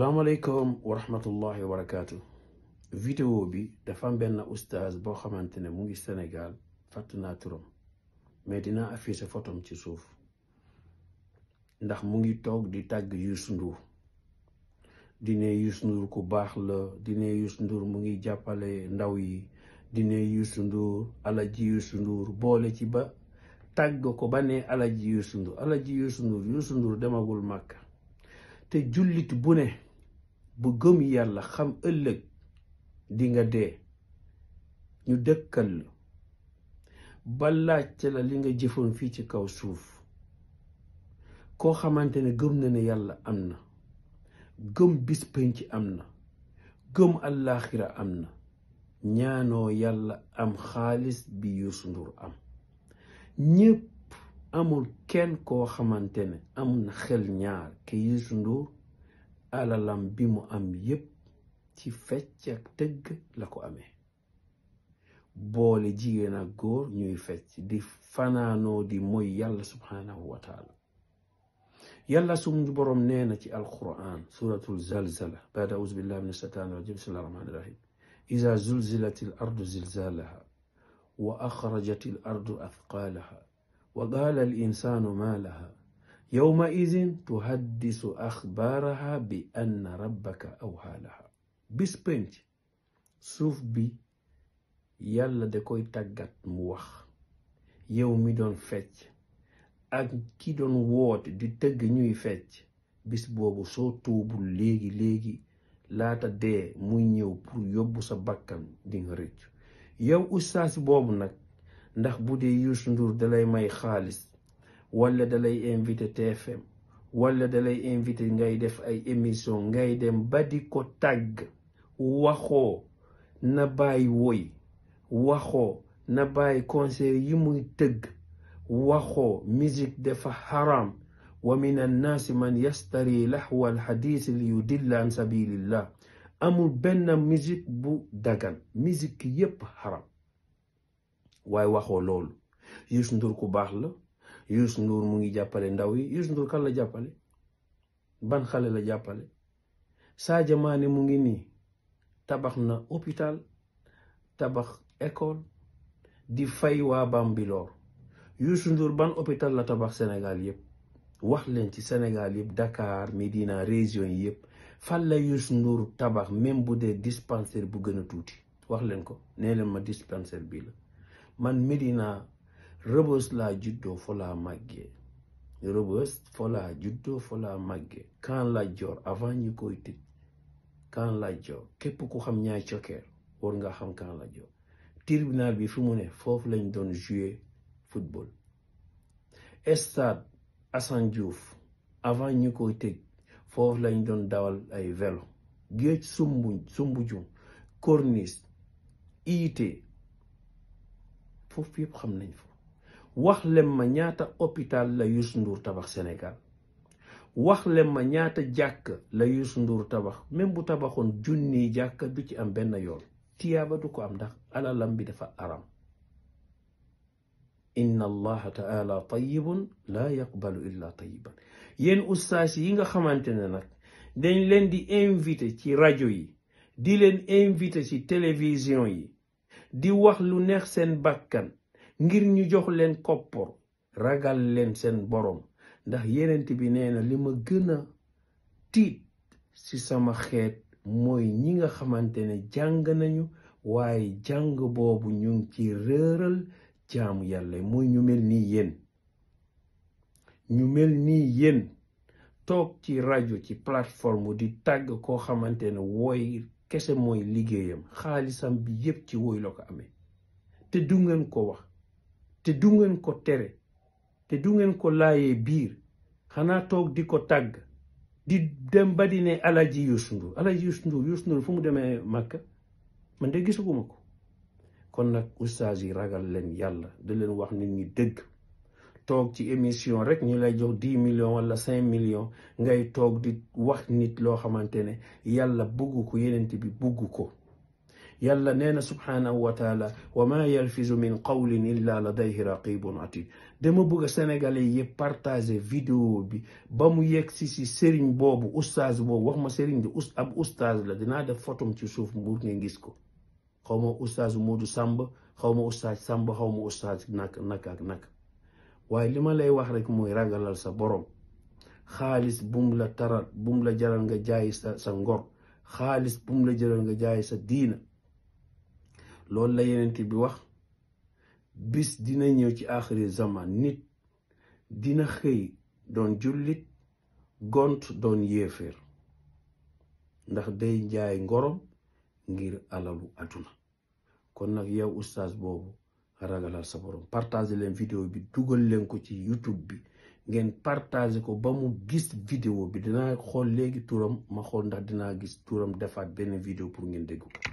salaamaaleykum wa rahmatullahi wa barakaatu. vidéo bi dafa benn oustaz boo xamante ne mu ngi Sénégal fàtt naa turam mais dina affiché fotom ci suuf ndax mu ngi toog di tàgg Youssou Ndour di ne Youssou Ndour ku baax la di ne Youssou Ndour mu ngi jàppale ndaw yi di ne Youssou Ndour alaji Youssou Ndour boole ci ba tàgg ko ba ne alaji Youssou demagul màkk te jullit bu ne. bu gëm yàlla xam ëllëg dinga dee ñu dëkkal la ba laajte la li nga jëfoon fii ci kaw suuf koo xamante ne gëm na ne yàlla am na gëm bis penc am na gëm allaaxira am na ñaanoo yàlla am xaalis bi Youssou ndur am ñépp amul kenn koo xamante ne am na xel ñaar ke Youssou Ndour alalam bi mu am yépp ci fecc ak tëgg lako ko amee boole jigéen ak góor ñuy fecc di fanaanoo di mooy yàlla subhaanahu wa taala yàlla sumu boroom nee na ci alquran suratul zalzala baada aus billahi min ashaytaani rajim rahim ida zulzilat il ardu zilzalaha wa axrajat il ardu wa qaala al insaanu maa yowma izin tuhaddisu axbaaraha bi anna rabbaka awhaa laha bis pënc suuf bi yàlla da koy tàggat mu wax yow mi doon fecc ak ki doon woote di tëgg ñuy fecc bis boobu soo tuubul léegi léegi laata dee muy ñëw pour yóbbu sa bakkan dinga rëccu yow ustaas boobu nag ndax bu dee Youssou Ndour dalay may xaalis wala dalay invité TFM wala dalay invité ngay def ay émission ngay dem ba di ko tàgg waxoo na woy waxoo na bàyyi concert yi muy tëgg waxoo musique dafa haram wa min annaasi man yastari lahwa alxadiis li yudilla an amul benn musique bu dagan musique yépp haram waaye waxoo loolu Youssou Ndour ku baax la Youssou Ndour mu ngi jàppale ndaw yi Youssou Ndour kan la jàppale ban xale la jàppale Sadio Mané mu ngi nii tabax na hôpital tabax école di fay waa Bambilor Youssou Ndour ban hôpital la tabax Sénégal yépp wax leen ci Sénégal yëpp dakaar Médina région yi yëpp fan la Youssou Ndour tabax même bu dee dispensaire bu gëna tuuti wax leen ko nee leen ma dispensaire bii la man Médina rëbës laa juddoo fa laa màggee rëbës fa juddoo fa laa kan la joor avant ñi koy tëj kan la joor képp ku xam ñaay cokkeer war nga xam kan la joor tribunal bi fi mu ne foofu lañ doon jouer football stade Assane Diouf avant ñu koy foofu lañ doon dawal ay velo géej sumbu sumbujum iite foofu yëpp xam nañ fa wax leen ma ñaata hôpital la Youssou Ndour tabax senegaal wax leen ma ñaata jàkk la Youssou nduur tabax même bu tabaxoon junniy jàkk du ci am benn yoon tiyaaba du ko am ndax alalam bi dafa aram inna allaha taala tayibun laa yaqbalu illa tayiban yéen ustaas yi nga xamante ne nag dañ leen di invité ci rajo yi di leen invité ci télévision yi di wax lu neex seen bakkan ngir ñu jox leen koppor ragal leen seen boroom ndax yenent bi neena na li ma gën a tiit ci sama xeet mooy ñi nga xamante ne jàng nañu waaye jàng boobu ñu ngi ci réeral jaamu yàlla mooy ñu mel nii yéen ñu mel nii yéen toog ci rajo ci plateforme di tàgg koo xamante ne wooy kese mooy liggéeyam xaalisam bi yépp ci woy la ko amee te du ngeen ko wax te du ngeen ko tere te du ngeen ko laayee biir xanaa toog di ko tàgg di dem ba di ne alaji Youssou Ndour alaji Youssou Ndour Youssou Ndour fu mu demee Màkka man de gisuguma ko kon nag ustaas yi ragal leen yàlla da leen wax nit ñi dëgg toog ci émission rek ñu lay jox dix million wala cinq million ngay toog di wax nit loo xamante ne yàlla bugg ko yenent bi bugg ko yàlla nee na subhaanahu wa taala wa ma yalfizu min qawlin illa ladayhi raqibun atid dama bëgg sénégalais yëpp partager vidéo bi ba mu yegg si si sëriñ boobu ustaaz boobu wax ma sëriñ di us ab ustaaz la dinaa def fotom ci suuf mbuur ngeen gis ko xaw ma ustaaz Moodu Sàmb xaw ma ustaaz Sàmb xaw ma ustaaz nak nak ak nak waaye li ma lay wax rek mooy ragalal sa borom xaalis bum la taral bum la jaral nga jaay sa sa ngor xaalis bum la jaral nga jaay sa diina loolu la yenent bi wax bis dina ñëw ci aaxiri zaman nit dina xëy doon jullit gont doon yéeféer ndax day njaay ngorom ngir alalu àdduna kon nag yow oustaz boobu ragalal sa borom partage leen vidéo bi dugal leen ko ci youtube bi ngeen partage ko ba mu gis vidéo bi dinaa xool léegi turam ma xool ndax dinaa gis turam defaat benn vidéo pour ngeen dégg ko